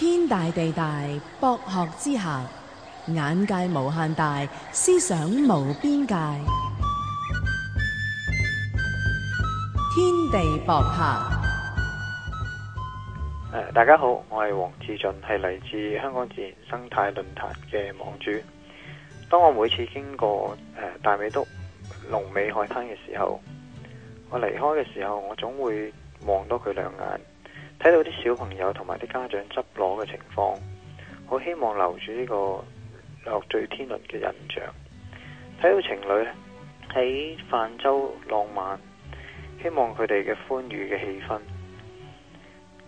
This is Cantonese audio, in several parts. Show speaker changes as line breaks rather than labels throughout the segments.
天大地大，博學之下，眼界無限大，思想無邊界。天地博客，呃，大家好，我係黃志俊，係嚟自香港自然生態論壇嘅網主。當我每次經過，呃，大美督龍尾海灘嘅時候，我離開嘅時候，我總會望多佢兩眼。睇到啲小朋友同埋啲家長執攞嘅情況，好希望留住呢個樂聚天倫嘅印象。睇到情侶喺泛舟浪漫，希望佢哋嘅歡愉嘅氣氛。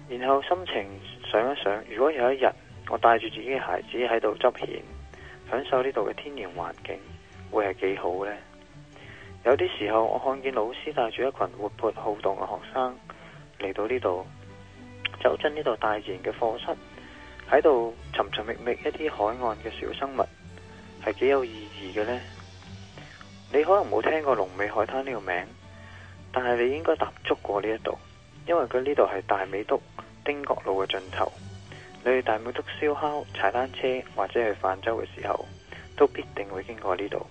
然後心情想一想，如果有一日我帶住自己嘅孩子喺度執蜆，享受呢度嘅天然環境，會係幾好呢？有啲時候，我看見老師帶住一群活潑好動嘅學生嚟到呢度。走進呢度大自然嘅課室，喺度尋尋覓覓一啲海岸嘅小生物，係幾有意義嘅呢。你可能冇聽過龍尾海灘呢個名，但係你應該踏足過呢一度，因為佢呢度係大美督丁角路嘅盡頭。你去大美督燒烤、踩單車或者去泛舟嘅時候，都必定會經過呢度。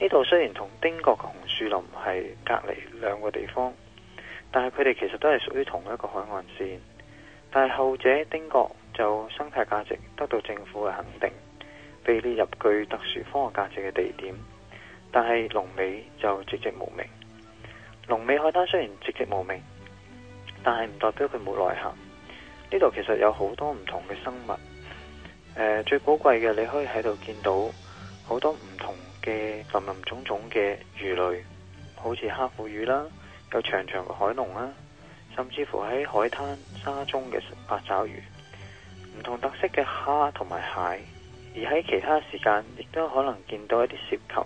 呢度雖然同丁角紅樹林係隔離兩個地方，但係佢哋其實都係屬於同一個海岸線，但係後者丁角就生態價值得到政府嘅肯定，被列入具特殊科學價值嘅地點。但係龍尾就寂寂無名。龍尾海灘雖然寂寂無名，但係唔代表佢冇內涵。呢度其實有好多唔同嘅生物。呃，最寶貴嘅你可以喺度見到好多唔同嘅林林種種嘅魚類，好似蝦虎魚啦。有長長嘅海龍啊，甚至乎喺海灘沙中嘅八爪魚，唔同特色嘅蝦同埋蟹，而喺其他時間亦都可能見到一啲涉禽，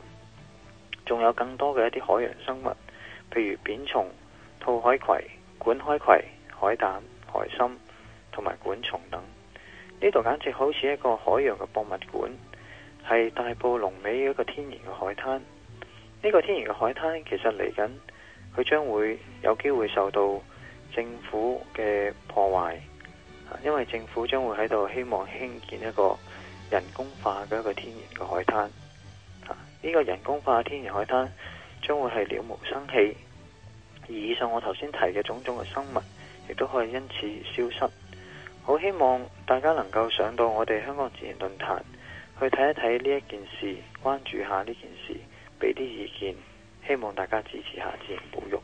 仲有更多嘅一啲海洋生物，譬如扁蟲、兔海葵、管海葵、海膽、海參同埋管蟲等。呢度簡直好似一個海洋嘅博物館，係大埔龍尾一個天然嘅海灘。呢、呢個天然嘅海灘其實嚟緊。佢將會有機會受到政府嘅破壞，因為政府將會喺度希望興建一個人工化嘅一個天然嘅海灘。呢個人工化天然海灘將會係了無生氣，而以上我頭先提嘅種種嘅生物，亦都可以因此消失。好希望大家能夠上到我哋香港自然論壇，去睇一睇呢一件事，關注下呢件事，俾啲意見。希望大家支持下自然保育。